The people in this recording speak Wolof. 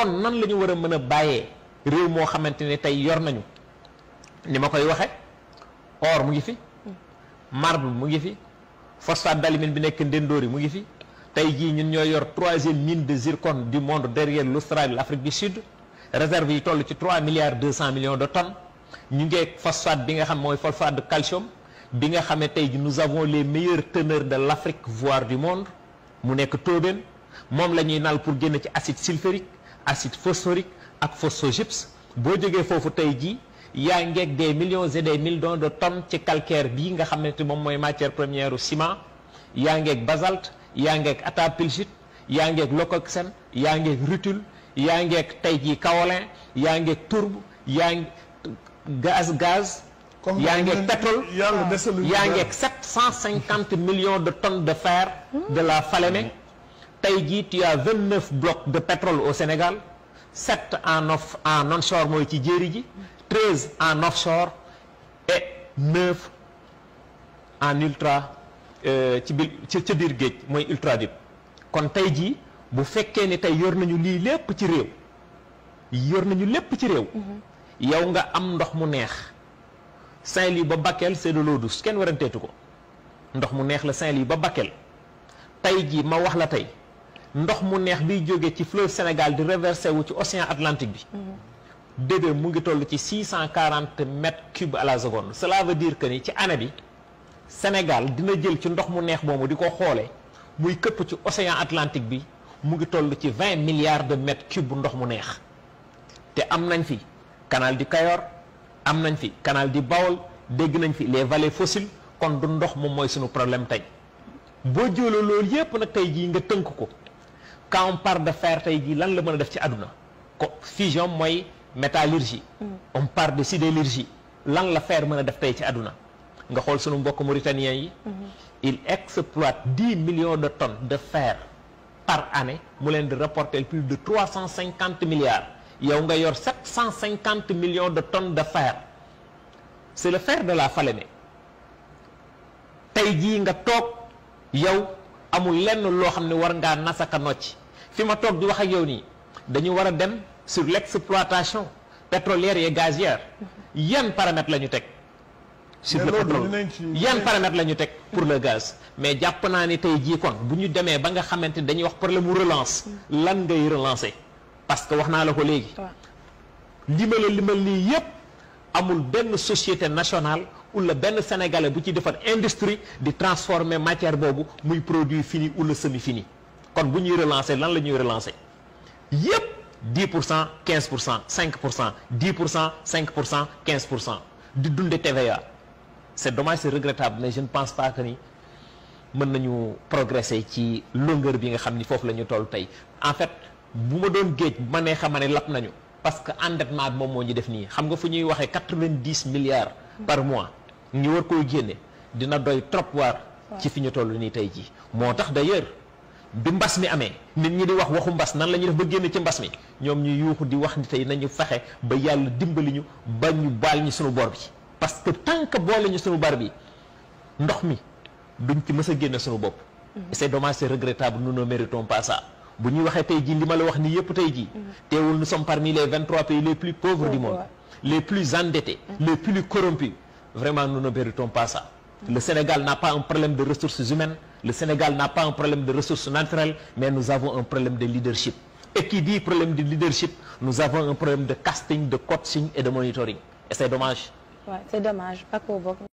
kon nan la ñu war a mën a bàyyee réew moo xamante ni tey yor nañu ni ma koy waxe or mu ngi fi marbre mu ngi fi phosphate d'alumine bi nekk Ndendoori mu ngi fi tey jii ñun ñoo yor troisième mine de zircon du monde derrière l'Australie l'Afrique du Sud réserve yi toll ci 3 milliards 200 millions de tonnes ñu ngeeg phosphate bi nga xam mooy phosphate de calcium bi nga xam ne tey ji nu avons les meilleurs teneurs de l'Afrique voire du monde mu nekk Tóobén moom la ñuy nal pour génn ci acide sulfurique acide phosphorique ak phosphogypse boo jegee foofu tey jii yaa ngeeg des millions et des millions de tonnes ci calcaire bi nga xamante moom mooy matière première u ciment yaa ngeeg basalte yaa ngeeg attapulgite yaa ngeeg leucoxène yaa ngeeg rutile yaa ngeeg tey jii kaolin yaa ngeeg tourbe yaa ngeeg gaz gaz yaa ngeeg pétrole yaa ngeeg sept cent cinquante millions de tonnes de fer de la Falémé tey jii tu as vingt neuf blocs de pétrole au Sénégal sept en off en sor mooy ci jéeri ji treize en offshore et neuf en ultra euh, ci biir ca biir géej mooy ultra deep kon tey jii bu fekkee ni tey yor nañu lii lépp ci réew yor nañu lépp ci réew mm-hmm. yow nga am ndox mu neex Saint-Louis ba Bakel c'est de douce kenn waranteetu ko ndox mu neex la Saint-Louis ba Bakel tey jii ma wax la tey ndox mu neex biy jóge ci fleuve Sénégal di reversé wu ci océan Atlantique bi. Mhm. débee mu ngi toll ci six cent quarante mètres cubes à la seconde cela diir dire que ni ci année bi dina jël ci ndox mu neex moomu di ko xoole muy këpp ci océan Atlantique bi mu ngi toll ci vingt milliards de mètres bu ndox mu neex te am nañ fi canal di Kayor am nañ fi canal di Baol dégg nañ fi les vallées fossiles kon du ndox mu mooy sunu problème tey boo jëlee loolu yépp nag tey jii nga tënk ko. ca on parle de fer tey jii lan la mën a def ci àdduna ko fusion mooy métallurgie mm. on par de sidérurgie lan la fer mën a def tey ci àdduna nga xool sunu mbokk mauritanien yi mm-hmm. il exploite dix millions de tonnes de fer par année mu leen di rapporter plus de trois cent cinquante milliards yow nga yor sept cent cinquante millions de tonnes de fer c'est le fer de la Falémé tey jii nga toog yow amul lenn loo xam ne war ngaa nasaka nocc fi ma toog di wax ak yow nii dañu war a dem sur l'exploitation pétrolière et gazière yan paramètres la ñu teg sur yan paramètres la ñu teg pour le gaz mais jàpp naa ni tey jii kon bu ñu demee ba nga xamante ni dañuy wax problème mu relance lan ngay relancer parce que wax naa la ko léegi li ma la limal lii yépp amul benn société national ula benn sénégalais bu ci defar industrie di transformer matière boobu muy produit fini wala semi fini kon bu ñuy relancer lan la ñuy relancer yépp 10 pour cent 15 pour cent 5 pour cent 10 pour cent 5 pour cent 15 pour cent di dunde TVA c'est dommage c'est regrettable mais je ne pense ni mën nañu progresser ci longueur bi nga xam ni foofu la ñu toll tey en fait bu ma doon géej ma nee xam ne lap nañu parce que endettement moom moo ñu def nii xam nga fu ñuy waxee 90 milliards par mois ñu war koy génne dina doy trop waar ci fi ñu toll nii tey jii moo tax d'ailleurs bi mbas mi amee nit ñi di wax waxu mbas nan la ñuy def ba génn ci mbas mi ñoom ñu yuuxu di wax ni tey nañu fexe ba yàlla dimbali ñu ba ñu baal ñu sunu bor bi parce que tant que boole ñu sunu bor bi ndox mi duñ ci mës a génne sunu bopp. Mhm. c'est dommage c'est regrettable nous ne bu ñuy waxee tey jii li ma la wax ni yépp tey jii. Mhm. teewul nous sommes parmi les 23 pays les plus pauvres du monde. les plus endettés. Mhm. les plus corrompus. vraiment nous ne méritons pas ça. n'a pas un problème de ressources humaines. le Sénégal n'a pas un problème de ressources naturelles mais nous avons un problème de leadership et qui dit problème de leadership nous avons un problème de casting de coaching et de monitoring et c'est dommage.